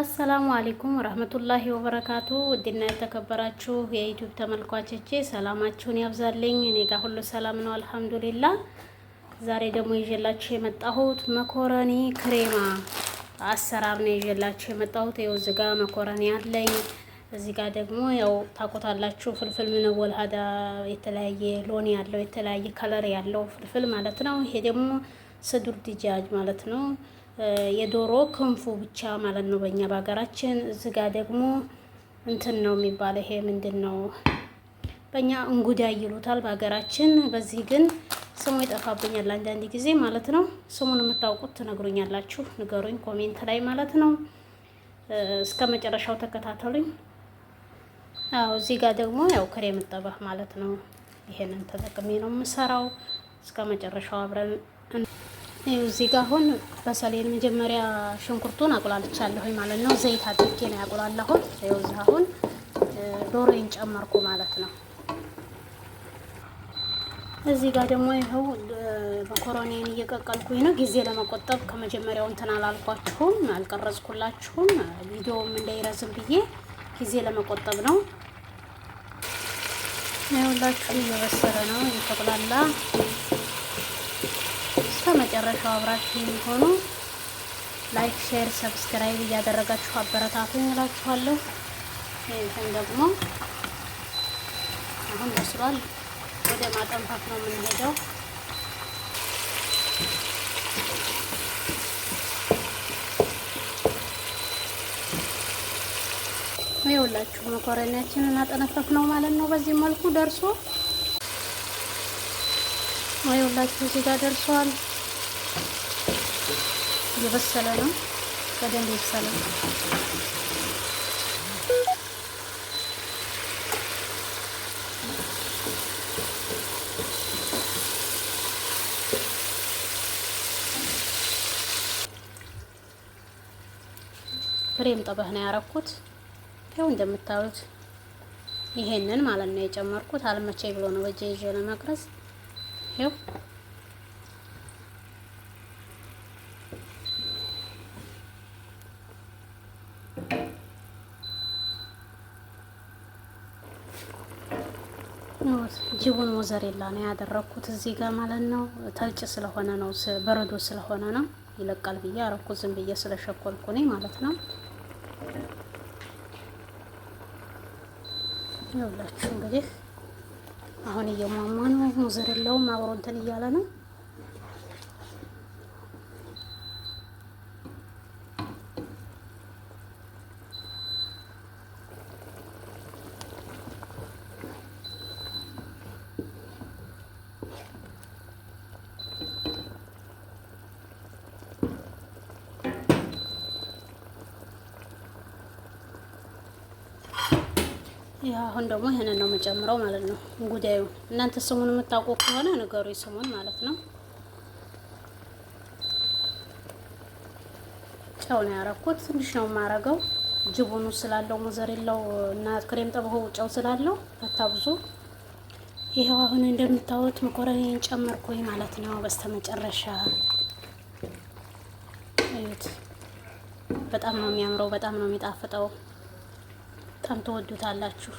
አሰላሙ አሌይኩም ረህመቱላሂ ወበረካቱ። ውድና የተከበራችሁ የዩቲዩብ ተመልካቾቼ ሰላማችሁን ያብዛልኝ። እኔ ጋር ሁሉ ሰላም ነው አልሐምዱሊላ። ዛሬ ደግሞ ይዤላችሁ የመጣሁት መኮረኒ ክሬማ አሰራር ነው ይዤላችሁ የመጣሁት። ይኸው እዚህ ጋር መኮረኒ አለኝ። እዚህ ጋር ደግሞ ያው ታቆታላችሁ ፍልፍል ምንወል ሀዳ የተለያየ ሎኒ ያለው የተለያየ ከለር ያለው ፍልፍል ማለት ነው። ይሄ ደግሞ ስዱር ዲጃጅ ማለት ነው። የዶሮ ክንፉ ብቻ ማለት ነው በእኛ በሀገራችን። እዚህ ጋር ደግሞ እንትን ነው የሚባለው ይሄ ምንድን ነው? በእኛ እንጉዳይ ይሉታል በሀገራችን። በዚህ ግን ስሙ ይጠፋብኛል አንዳንድ ጊዜ ማለት ነው። ስሙን የምታውቁት ትነግሩኛላችሁ፣ ንገሩኝ ኮሜንት ላይ ማለት ነው። እስከ መጨረሻው ተከታተሉኝ። አዎ እዚህ ጋር ደግሞ ያው ክሬም ጠባህ ማለት ነው። ይሄንን ተጠቅሜ ነው የምሰራው። እስከ መጨረሻው አብረን እዚህ ጋር አሁን በሰሌን መጀመሪያ ሽንኩርቱን አቁላልቻለሁ ማለት ነው። ዘይት አድርጌ ነው ያቁላላሁን። ይኸው እዚህ አሁን ዶሮዬን ጨመርኩ ማለት ነው። እዚህ ጋር ደግሞ ይኸው መኮረኔን እየቀቀልኩኝ ነው። ጊዜ ለመቆጠብ ከመጀመሪያው እንትን አላልኳችሁም፣ አልቀረጽኩላችሁም። ቪዲዮውም እንዳይረዝም ብዬ ጊዜ ለመቆጠብ ነው። ይኸውላችሁ እየበሰለ ነው እየተቁላላ እስከ መጨረሻው አብራችሁ የሚሆኑ ላይክ፣ ሼር፣ ሰብስክራይብ እያደረጋችሁ አበረታቱኝ እላችኋለሁ። ይህን ደግሞ አሁን በስሏል። ወደ ማጠንፋት ነው የምንሄደው። ይኸውላችሁ መኮረኒያችንን አጠነፈፍ ነው ማለት ነው። በዚህ መልኩ ደርሶ ይኸውላችሁ እዚህ ጋር ደርሷል። የበሰለ ነው። በደንብ የበሰለ ነው። ፍሬም ጠበህ ነው ያረኩት። ያው እንደምታዩት ይሄንን ማለት ነው የጨመርኩት። አልመቼ ብሎ ነው በእጄ ይዤ ለመቅረጽ ይኸው ጅቡን ሞዘሬላ ነው ያደረኩት እዚህ ጋር ማለት ነው። ተልጭ ስለሆነ ነው በረዶ ስለሆነ ነው ይለቃል ብዬ አረኩ ዝም ብዬ ስለሸኮልኩ እኔ ማለት ነው። ይኸውላችሁ እንግዲህ አሁን እየሟሟ ነው ሞዘሬላውም አብሮ እንትን እያለ ነው። ይህ አሁን ደግሞ ይህንን ነው የምጨምረው ማለት ነው። ጉዳዩ እናንተ ስሙን የምታውቁ ከሆነ ነገሩ ስሙን ማለት ነው። ጨው ነው ያረኩት፣ ትንሽ ነው የማረገው። ጅቡኑ ስላለው ሞዘሬላው እና ክሬም ጠብሆ ጨው ስላለው አታብዙ። ይሄው አሁን እንደምታዩት መኮረኒን ጨመርኩኝ ማለት ነው። በስተመጨረሻ እዩት። በጣም ነው የሚያምረው፣ በጣም ነው የሚጣፍጠው። በጣም ተወዱታላችሁ።